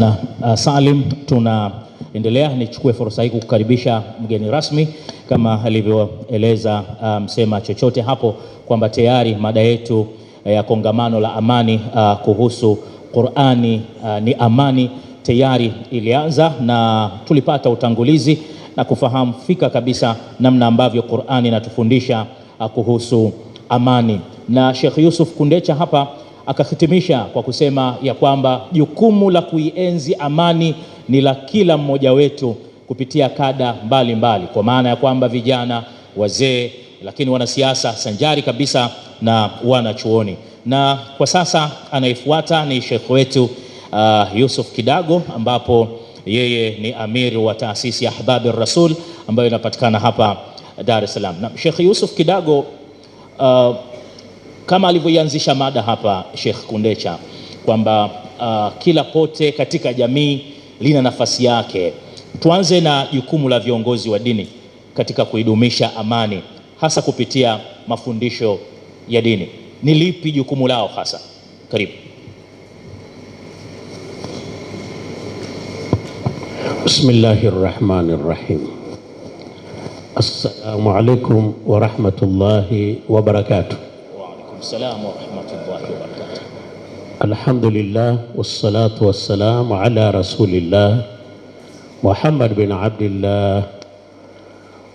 Na, uh, Salim tunaendelea. Nichukue fursa hii kukukaribisha mgeni rasmi kama alivyoeleza uh, msema um, chochote hapo kwamba tayari mada yetu uh, ya uh, kongamano la amani uh, kuhusu Qur'ani uh, ni amani tayari ilianza na tulipata utangulizi na kufahamu fika kabisa namna ambavyo Qur'ani inatufundisha uh, kuhusu amani na Sheikh Yusuf Kundecha hapa akahitimisha kwa kusema ya kwamba jukumu la kuienzi amani ni la kila mmoja wetu kupitia kada mbalimbali mbali, kwa maana ya kwamba vijana, wazee, lakini wanasiasa sanjari kabisa na wanachuoni. Na kwa sasa anayefuata ni shekhe wetu uh, Yusuf Kidago ambapo yeye ni amiri wa taasisi ya Ahbabi Rasul ambayo inapatikana hapa Dar es Salaam. Na Sheikh Yusuf Kidago uh, kama alivyoianzisha mada hapa Sheikh Kundecha kwamba uh, kila pote katika jamii lina nafasi yake. Tuanze na jukumu la viongozi wa dini katika kuidumisha amani hasa kupitia mafundisho ya dini. Ni lipi jukumu lao hasa? Karibu. Bismillahir Rahmanir Rahim. Assalamu alaikum wa rahmatullahi wa barakatuh alaikum salam wa rahmatullahi wa barakatuh. Alhamdulillah wassalatu wassalamu ala rasulillah Muhammad bin Abdillah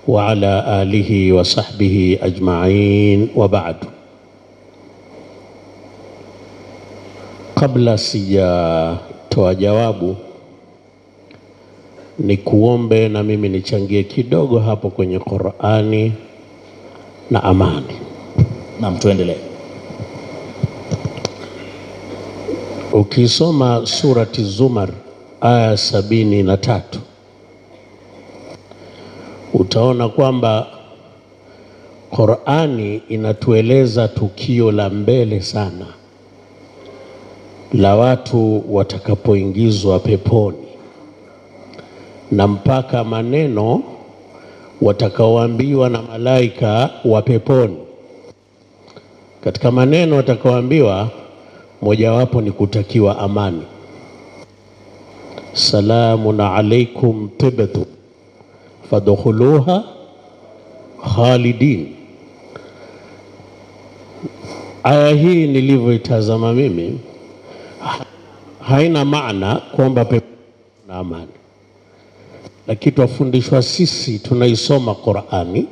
wa ala alihi wa sahbihi ajmain wa baadu. Kabla sijatoa jawabu ni kuombe na mimi nichangie kidogo hapo kwenye Qur'ani na amani. Naam, tuendelee. Ukisoma surati Zumar aya sabini na tatu utaona kwamba Qur'ani inatueleza tukio la mbele sana la watu watakapoingizwa peponi na mpaka maneno watakaoambiwa na malaika wa peponi. Katika maneno watakaoambiwa mojawapo ni kutakiwa amani. Salamun alaikum tibtum fadkhuluha khalidin. Aya hii nilivyoitazama mimi haina maana kwamba pepo na amani, lakini twafundishwa sisi tunaisoma Qur'ani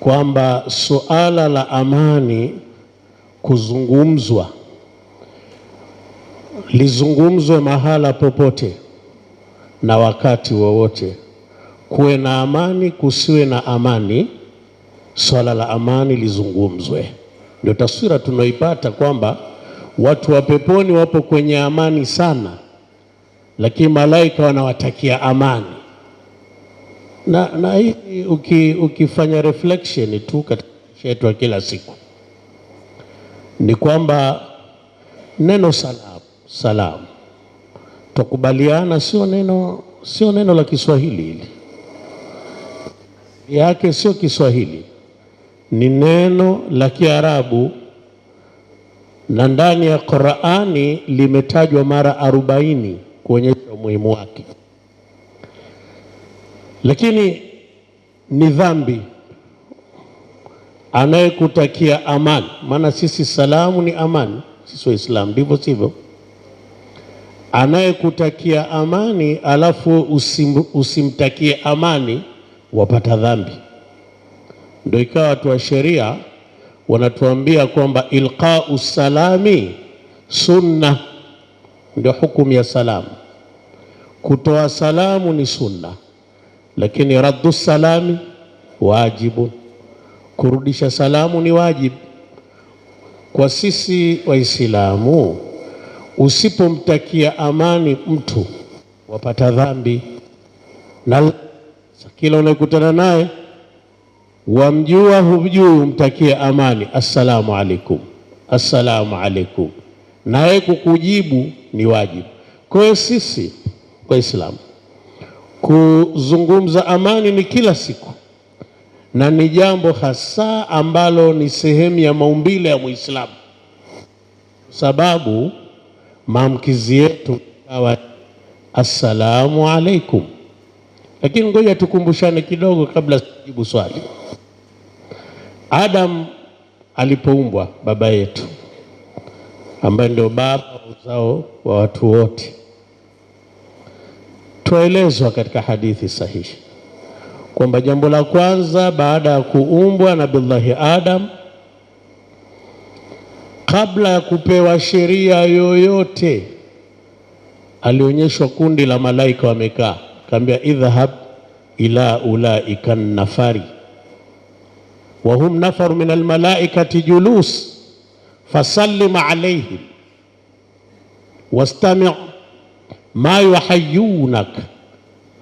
kwamba suala la amani kuzungumzwa lizungumzwe mahala popote na wakati wowote, kuwe na amani, kusiwe na amani, swala la amani lizungumzwe. Ndio taswira tunaoipata kwamba watu wa peponi wapo kwenye amani sana, lakini malaika wanawatakia amani na, na hii uki, ukifanya reflection tu katika maisha yetu ya kila siku ni kwamba neno salamu, salamu tukubaliana, sio neno, sio neno la Kiswahili hili yake sio Kiswahili, ni neno la Kiarabu na ndani ya Qur'ani limetajwa mara arobaini kuonyesha umuhimu wake, lakini ni dhambi anayekutakia amani, maana sisi salamu ni amani, sisi Waislamu ndivyo sivyo? Anayekutakia amani alafu usim, usimtakie amani, wapata dhambi. Ndio ikawa watu wa sheria wanatuambia kwamba ilqau salami sunna, ndio hukumu ya salamu. Kutoa salamu ni sunna, lakini raddu salami wajibu Kurudisha salamu ni wajibu kwa sisi Waislamu. Usipomtakia amani mtu wapata dhambi, na kila unayekutana naye wamjua humjui, umtakie amani, assalamu alaikum, assalamu alaikum, naye kukujibu ni wajibu. Kwa hiyo sisi Waislamu kuzungumza amani ni kila siku na ni jambo hasa ambalo ni sehemu ya maumbile ya Muislamu, sababu maamkizi yetu kawa assalamu alaikum. Lakini ngoja tukumbushane kidogo kabla sijibu swali. Adam alipoumbwa, baba yetu ambaye ndio baba wa uzao wa watu wote, twaelezwa katika hadithi sahihi kwamba jambo la kwanza baada ya kuumbwa Nabillahi Adam, kabla ya kupewa sheria yoyote, alionyeshwa kundi la malaika wamekaa, kaambia idhhab ila ulaika nafari wa hum nafaru min almalaikati julus fasallim alaihim wastami ma yuhayunaka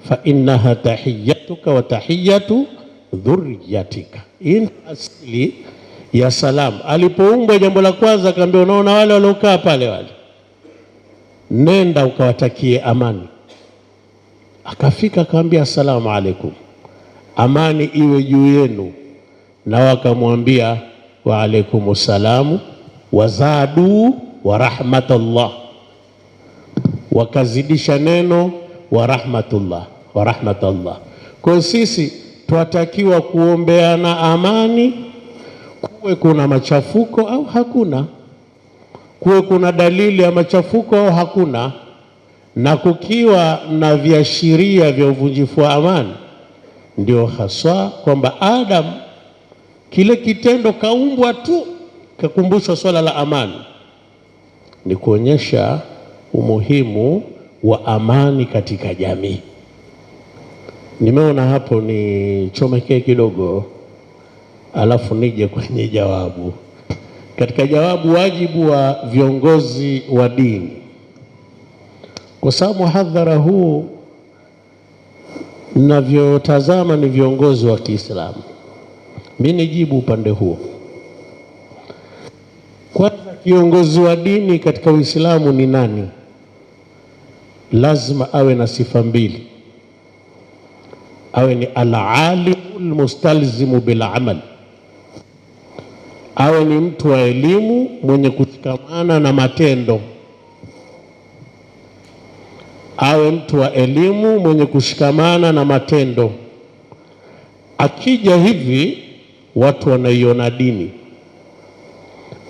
fa innaha tahiyatuka wa tahiyatu dhurriyatika. Hii ni asili ya salamu. Alipoumbwa jambo la kwanza akaambia, unaona wale waliokaa pale wale, nenda ukawatakie amani. Akafika akamwambia, assalamu alaikum, amani iwe juu yenu, nao akamwambia wa alaikum salamu, wazadu wa rahmatullah, wakazidisha neno wa rahmatullah wa rahmatullah. Kwa sisi twatakiwa kuombeana amani, kuwe kuna machafuko au hakuna, kuwe kuna dalili ya machafuko au hakuna, na kukiwa na viashiria vya uvunjifu wa amani, ndio haswa kwamba Adam kile kitendo kaumbwa tu kakumbushwa swala la amani, ni kuonyesha umuhimu wa amani katika jamii. Nimeona hapo ni chomekee kidogo, alafu nije kwenye jawabu. Katika jawabu, wajibu wa viongozi wa dini, kwa sababu hadhara huu navyotazama ni viongozi wa Kiislamu. Mimi nijibu upande huo. Kwanza, kiongozi wa dini katika Uislamu ni nani? lazima awe na sifa mbili, awe ni alalimu lmustalzimu bilamal, awe ni mtu wa elimu mwenye kushikamana na matendo, awe mtu wa elimu mwenye kushikamana na matendo. Akija hivi watu wanaiona dini,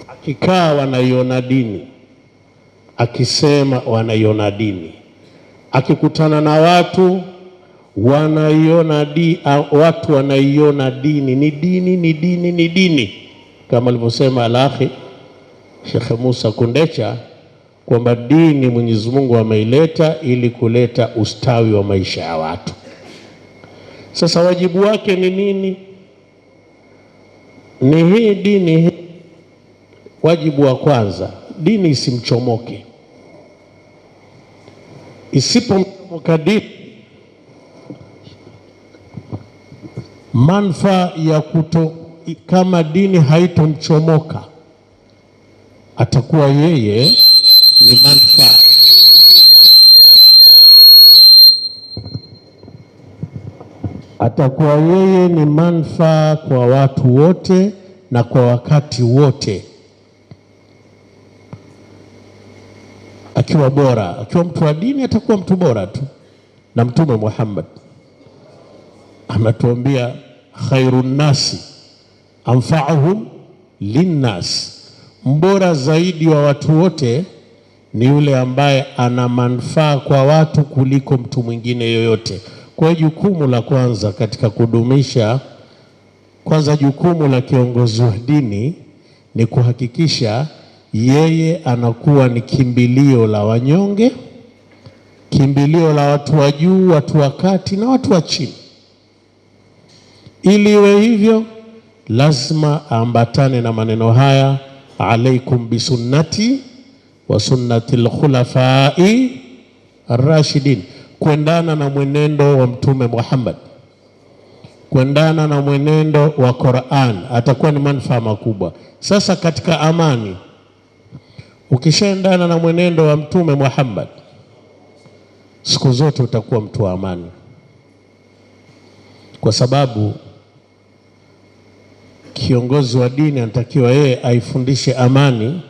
akikaa wanaiona dini, akisema wanaiona dini akikutana na watu wanaiona di, watu wanaiona dini ni dini ni dini ni dini, kama alivyosema alahi Shekhe Musa Kundecha kwamba dini Mwenyezi Mungu ameileta ili kuleta ustawi wa maisha ya watu. Sasa wajibu wake ni nini? Ni hii dini, wajibu wa kwanza, dini isimchomoke isipomkadiri manufaa ya kuto, kama dini haitomchomoka atakuwa yeye ni manufaa. Atakuwa yeye ni manufaa kwa watu wote na kwa wakati wote. akiwa bora, akiwa mtu wa dini atakuwa mtu bora tu. Na Mtume Muhammad anatuambia khairu nnasi anfauhum linnas, mbora zaidi wa watu wote ni yule ambaye ana manufaa kwa watu kuliko mtu mwingine yoyote. Kwa jukumu la kwanza katika kudumisha kwanza, jukumu la kiongozi wa dini ni kuhakikisha yeye anakuwa ni kimbilio la wanyonge, kimbilio la watu wa juu, watu wa kati na watu wa chini. Ili iwe hivyo, lazima aambatane na maneno haya, alaikum bisunnati wa sunnati lkhulafai arrashidin, kuendana na mwenendo wa Mtume Muhammad, kuendana na mwenendo wa Qur'an, atakuwa ni manufaa makubwa. Sasa katika amani Ukishaendana na mwenendo wa Mtume Muhammad, siku zote utakuwa mtu wa amani, kwa sababu kiongozi wa dini anatakiwa yeye aifundishe amani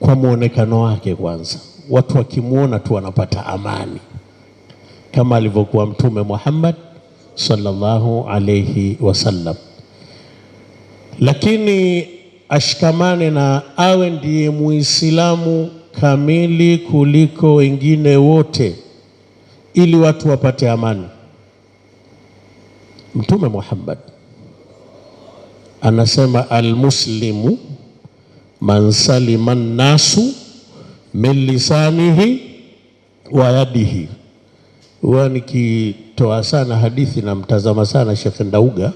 kwa muonekano wake kwanza. Watu wakimwona tu wanapata amani, kama alivyokuwa Mtume Muhammad sallallahu alayhi wasallam, lakini ashikamane na awe ndiye Muislamu kamili kuliko wengine wote, ili watu wapate amani. Mtume Muhammad anasema almuslimu man salima nnasu min lisanihi wa yadihi. Huwa nikitoa sana hadithi namtazama sana Shekhe Ndauga,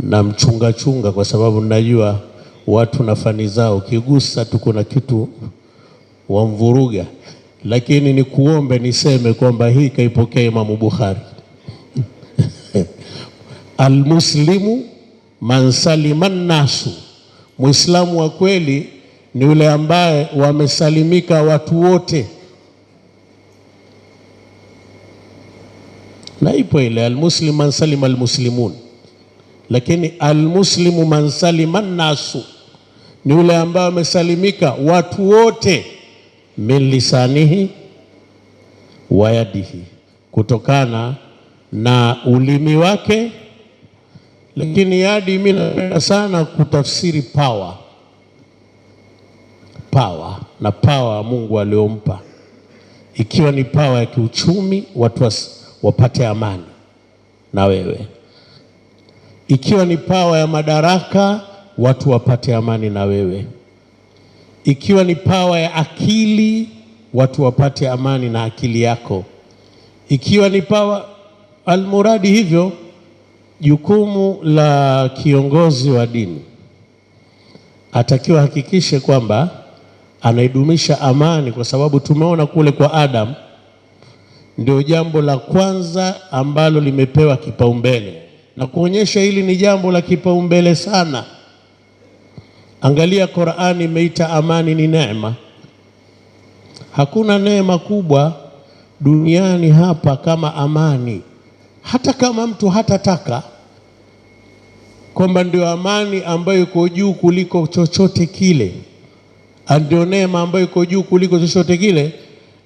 namchungachunga kwa sababu najua watu na fani zao, kigusa tu kuna kitu wamvuruga. Lakini nikuombe niseme kwamba hii kaipokea Imamu Bukhari almuslimu man salima nnasu, mwislamu wa kweli ni yule ambaye wamesalimika watu wote. Na ipo ile almuslimu man salima almuslimun, lakini almuslimu man salima nnasu ni yule ambaye amesalimika watu wote min lisanihi wa yadihi, kutokana na ulimi wake. Lakini yadi, mimi napenda sana kutafsiri power, power na pawa Mungu aliompa, ikiwa ni pawa ya kiuchumi, watu wapate amani na wewe, ikiwa ni pawa ya madaraka watu wapate amani na wewe. Ikiwa ni pawa ya akili, watu wapate amani na akili yako. Ikiwa ni pawa almuradi hivyo, jukumu la kiongozi wa dini atakiwa hakikishe kwamba anaidumisha amani, kwa sababu tumeona kule kwa Adam ndio jambo la kwanza ambalo limepewa kipaumbele na kuonyesha hili ni jambo la kipaumbele sana. Angalia, Qur'ani imeita amani ni neema. Hakuna neema kubwa duniani hapa kama amani, hata kama mtu hatataka kwamba ndio amani ambayo iko juu kuliko chochote kile, ah, ndio neema ambayo iko juu kuliko chochote kile.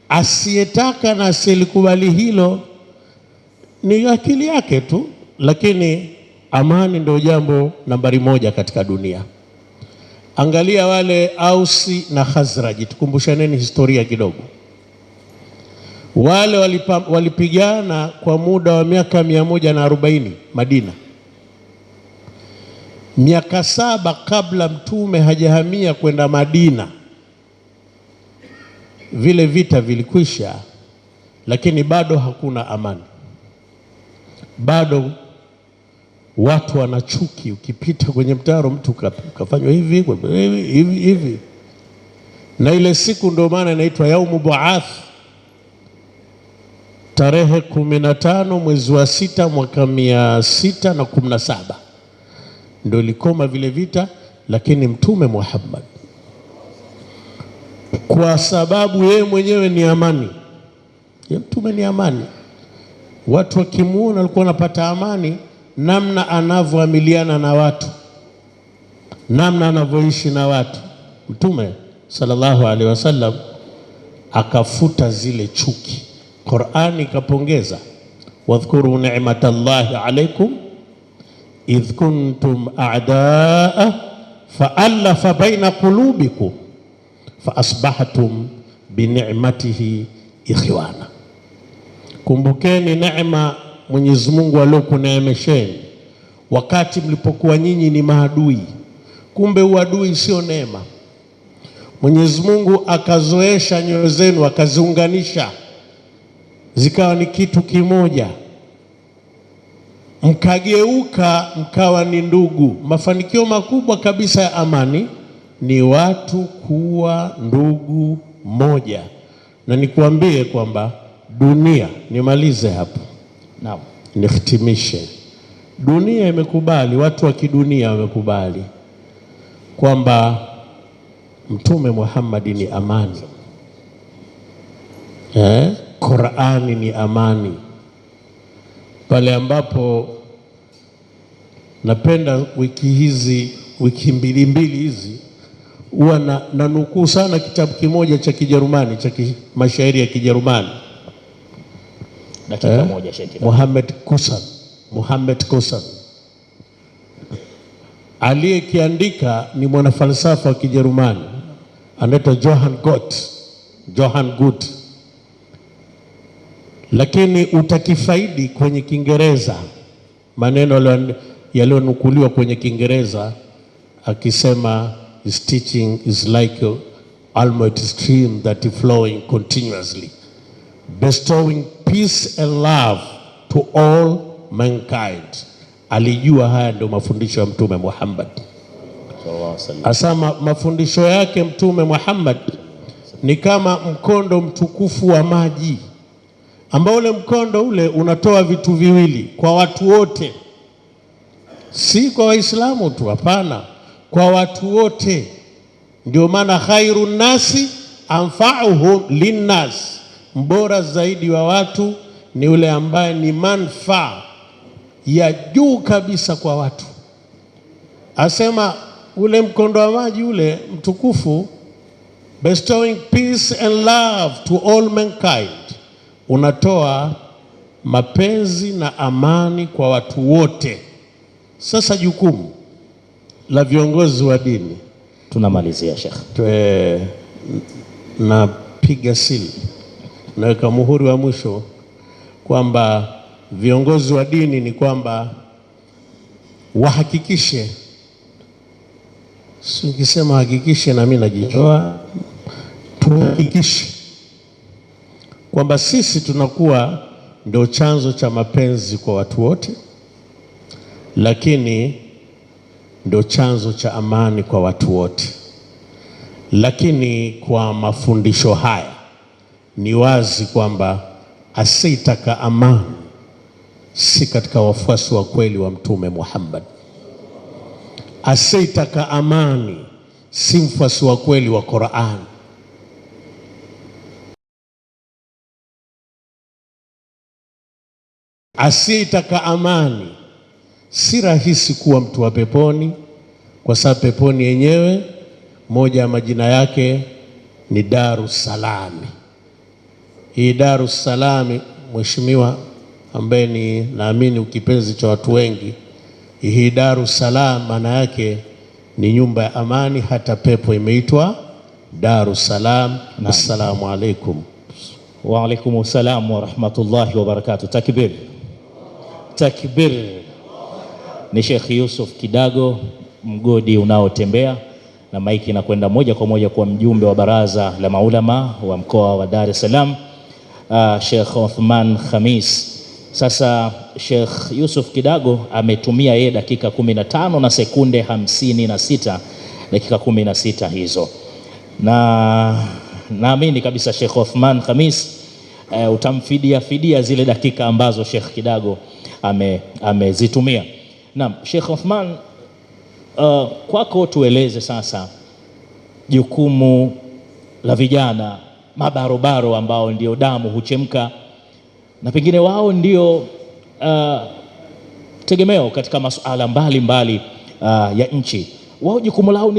Asiyetaka na asiyelikubali hilo ni akili yake tu, lakini amani ndio jambo nambari moja katika dunia. Angalia wale Ausi na Khazraji, tukumbushaneni historia kidogo. Wale walipigana kwa muda wa miaka mia moja na arobaini Madina, miaka saba kabla mtume hajahamia kwenda Madina. Vile vita vilikwisha, lakini bado hakuna amani, bado watu wana chuki. Ukipita kwenye mtaro mtu kafanywa hivi hivi hivi, na ile siku ndio maana inaitwa yaumu buath, tarehe kumi na tano mwezi wa sita mwaka mia sita na kumi na saba ndio ilikoma vile vita, lakini Mtume Muhammad kwa sababu yeye mwenyewe ni amani, ye mtume ni amani, watu wakimwona walikuwa wanapata amani namna anavyoamiliana na watu, namna anavyoishi na watu. Mtume sallallahu alaihi wasallam akafuta zile chuki. Qur'ani ikapongeza, wadhkuru ni'matallahi alaikum idh kuntum a'daa fa'alafa baina qulubikum faasbahtum binicmatihi ikhwana, kumbukeni neema Mwenyezi Mungu aliokuneemesheni wakati mlipokuwa nyinyi ni maadui. Kumbe uadui sio neema. Mwenyezi Mungu akazoesha nyoyo zenu, akaziunganisha zikawa ni kitu kimoja, mkageuka mkawa ni ndugu. Mafanikio makubwa kabisa ya amani ni watu kuwa ndugu moja, na nikuambie kwamba dunia, nimalize hapo. Naam. Nihitimishe, dunia imekubali, watu wa kidunia wamekubali kwamba Mtume Muhammad ni amani eh? Qurani ni amani. Pale ambapo napenda wiki hizi wiki mbili mbili hizi huwa na, na nukuu sana kitabu kimoja cha Kijerumani cha mashairi ya Kijerumani dakika eh? moja Sheikh Muhammad Kusan, Muhammad Kusan aliyekiandika ni mwanafalsafa wa Kijerumani anaitwa Johann Gott, Johann Gut, lakini utakifaidi kwenye Kiingereza maneno yaliyonukuliwa kwenye Kiingereza akisema His teaching is like a almighty stream that is flowing continuously bestowing peace and love to all mankind. Alijua haya ndio mafundisho ya Mtume Muhammad asama. Mafundisho yake Mtume Muhammad ni kama mkondo mtukufu wa maji ambao ule mkondo ule unatoa vitu viwili kwa watu wote, si kwa Waislamu tu, hapana, kwa watu wote. Ndio maana khairu nasi anfauhum linnas Mbora zaidi wa watu ni yule ambaye ni manufaa ya juu kabisa kwa watu. Asema ule mkondo wa maji ule mtukufu, bestowing peace and love to all mankind, unatoa mapenzi na amani kwa watu wote. Sasa jukumu la viongozi wa dini, tunamalizia Sheikh, napiga sili naweka muhuri wa mwisho kwamba viongozi wa dini ni kwamba wahakikishe, si hakikishe hakikishe nami najitoa, tuhakikishe kwamba sisi tunakuwa ndio chanzo cha mapenzi kwa watu wote, lakini ndio chanzo cha amani kwa watu wote, lakini kwa mafundisho haya ni wazi kwamba asiyetaka amani si katika wafuasi wa kweli wa Mtume Muhammad. Asiyetaka amani si mfuasi wa kweli wa Qur'an. Asiyetaka amani si rahisi kuwa mtu wa peponi, kwa sababu peponi yenyewe moja ya majina yake ni Daru Salami hii Salami, mheshimiwa ambaye ni naamini ukipenzi cha watu wengi, hii Darussalam maana yake ni nyumba ya amani, hata pepo imeitwa Salam. Assalamu alaikum. Wa alaikum salam wa rahmatullahi wa barakatuh. Takbir, takbir. Ni Sheikh Yusuf Kidago, mgodi unaotembea na maiki inakwenda moja kwa moja kwa mjumbe wa baraza la maulama wa mkoa wa Dar es Salaam uh, Sheikh Othman Khamis. Sasa Sheikh Yusuf Kidago ametumia yeye dakika 15 na sekunde 56, dakika 16 hizo, na naamini kabisa Sheikh Othman Khamis uh, utamfidia fidia zile dakika ambazo Sheikh Kidago amezitumia ame Naam, Sheikh Othman uh, kwako tueleze sasa jukumu la vijana mabarobaro ambao ndio damu huchemka na pengine wao ndio uh, tegemeo katika masuala mbalimbali uh, ya nchi. Wao jukumu lao